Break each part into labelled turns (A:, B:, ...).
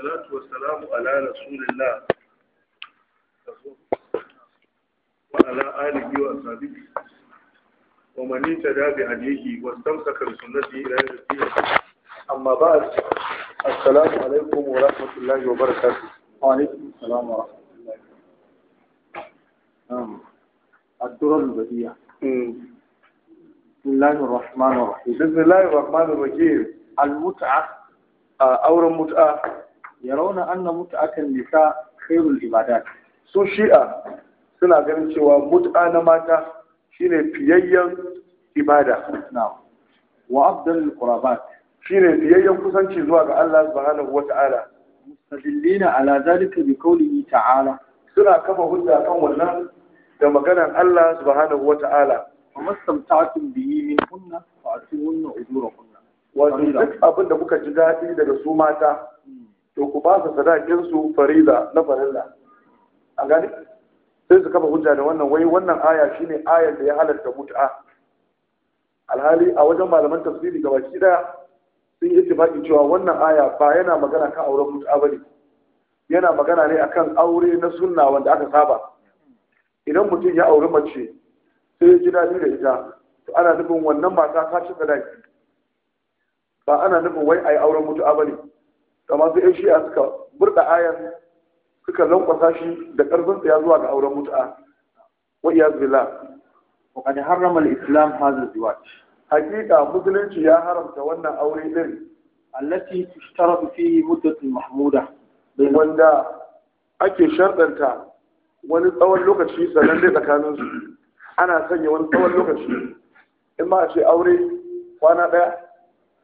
A: salatu wassalamu ala rasulillah wa ala alihi wa sahbihi wa man ittaba bi hadihi wa istamsaka bi sunnati ila yawm amma ba'd assalamu alaikum wa rahmatullahi wa barakatuh wa alaikum assalam wa rahmatullahi na'am بسم الله الرحمن الرحيم بسم الله الرحمن الرحيم المتعة auren mut'a yarawna anna akan nisa khairul ibadat so shi'a suna ganin cewa mut'a na mata shine fiyayyen ibada na'am wa afdalul qurabat shine fiyayyen kusanci zuwa ga Allah subhanahu wata'ala mustadillina ala zalika bi qawlihi ta'ala suna kafa hujja kan wannan da maganar Allah subhanahu wata'ala amma samta'atun bihi min kunna fa atuhunna ujurakunna wa duk abin da kuka ji dadi daga su mata to ku ba su sadakin su farida na farilla A gane sai su kafa hujja da wannan wai wannan aya shine ayar da ya halarta mut'a alhali a wajen malaman tafsiri ga baki daya sun yi tafaki cewa wannan aya ba yana magana kan auren mut'a bane yana magana ne akan aure na sunna wanda aka saba idan mutum ya auri mace sai ya ji daɗi da ita to ana nufin wannan mata ta ci sadaki ba ana nufin wai a yi auren mutu'a ba ne kama sai yan shi'a suka burda ayar suka lankwasa shi da karfin tsaya zuwa ga auren mutu'a wa iyaz billah wa qad harrama al-islam hadha az-zawaj hakika musulunci ya haramta wannan aure din allati tushtaratu fihi muddatu mahmuda wanda ake sharɗanta wani tsawon lokaci sannan dai tsakanin su ana sanya wani tsawon lokaci in ma a ce aure kwana ɗaya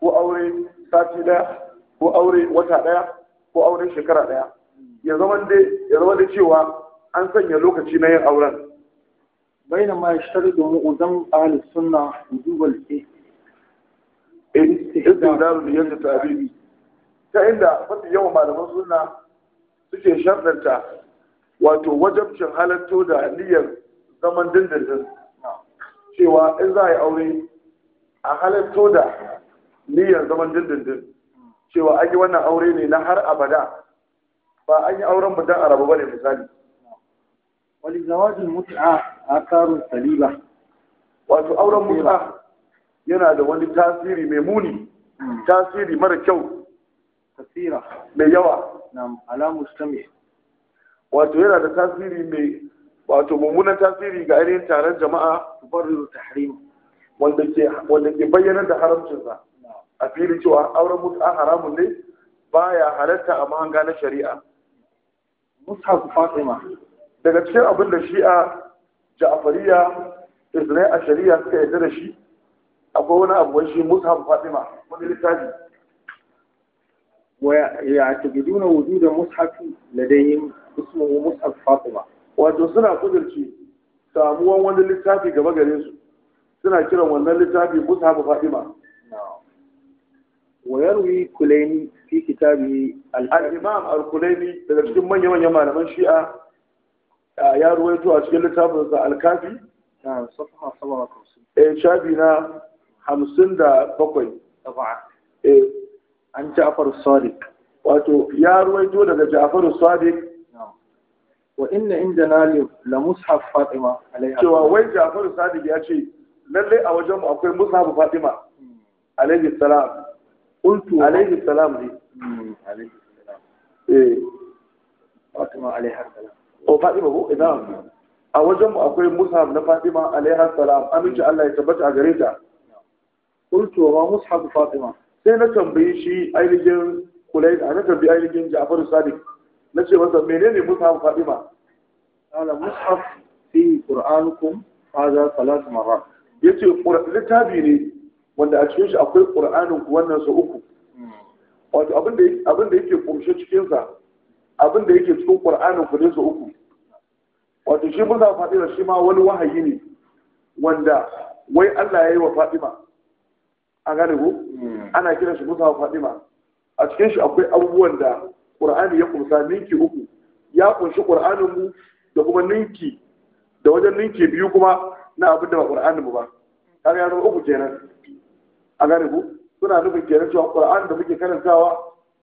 A: ko aure sati ɗaya ko aure wata ɗaya ko auren shekara ɗaya ya zama da cewa an sanya lokaci na yin auren baina ma ya da da uzan ahli sunna dubal ke eh, istihdaru da yanzu tabibi ta inda mafi yawan malaman sunna suke sharɗanta wato wajabcin halatto da niyyar zaman dindindin cewa in za a yi aure a halatto da niyyar zaman dindindin cewa an yi wannan aure ne na har abada ba an yi auren mu arabu ba ne, misali wani zawajin a karun saliba wato auren mutu'a yana da wani tasiri mai muni hmm. tasiri mara kyau tasira mai yawa Na alamu mustami wato yana da tasiri mai wato mummunan tasiri ga ainihin taron jama'a da tahrim wanda ke wanda ke bayyana da haramcinsa a filin cewa auren mutu'a haramun ne ba ya halatta a mahanga na shari'a mushaf fatima daga cikin abin da shi'a ja'afariya izinai a shari'a suka yarda da shi akwai wani abu wani shi mushaf fatima wani littafi Ya ويعتقدون وجود مصحف لديهم اسمه مصحف فاطمة wato suna kudurci samuwan wani littafi gaba gare su suna kiran wannan littafi mushafu fatima ويروي كليني في كتابه الإمام الكليني daga cikin manyan manyan malaman Shi'a ya ruwaito a cikin littafin sa Al-Kafi na safa 57 na 57 eh an wato ya ruwaito daga Ja'far Sadiq wa inna indana la mushaf Fatima cewa wai Ja'far Sadiq ya ce Lallai a wajen akwai mushaf Fatima qultu alayhi salam ne a wajen akwai mushaf na fatima alayha salam aminci Allah ya tabbata a gare ta qultu wa mushaf fatima sai na tambayi shi ainihin kulai na tambayi ainihin Ja'far Sadiq na ce masa menene mushaf fatima qala mushaf fi qur'anukum hadha thalath marrat yace littafi ne wanda a cikin shi akwai ƙur'anin wannan sa uku wato abin da yake kumshe cikinsa abin da yake cikin ƙur'anin ku ne su uku wato shi mun faɗi da shi ma wani wahayi ne wanda wai Allah ya yi wa Fatima an gane ku hmm. ana kira shi Musa Fatima a cikin shi akwai abubuwan da ƙur'ani ya kumsa ninki uku ya kunshi ƙur'anin mu da kuma ninki da wajen ninki biyu kuma na abin da ba ƙur'anin mu ba kaga ya zama uku kenan a gane suna nufin kenan cewa ƙwararren da muke karantawa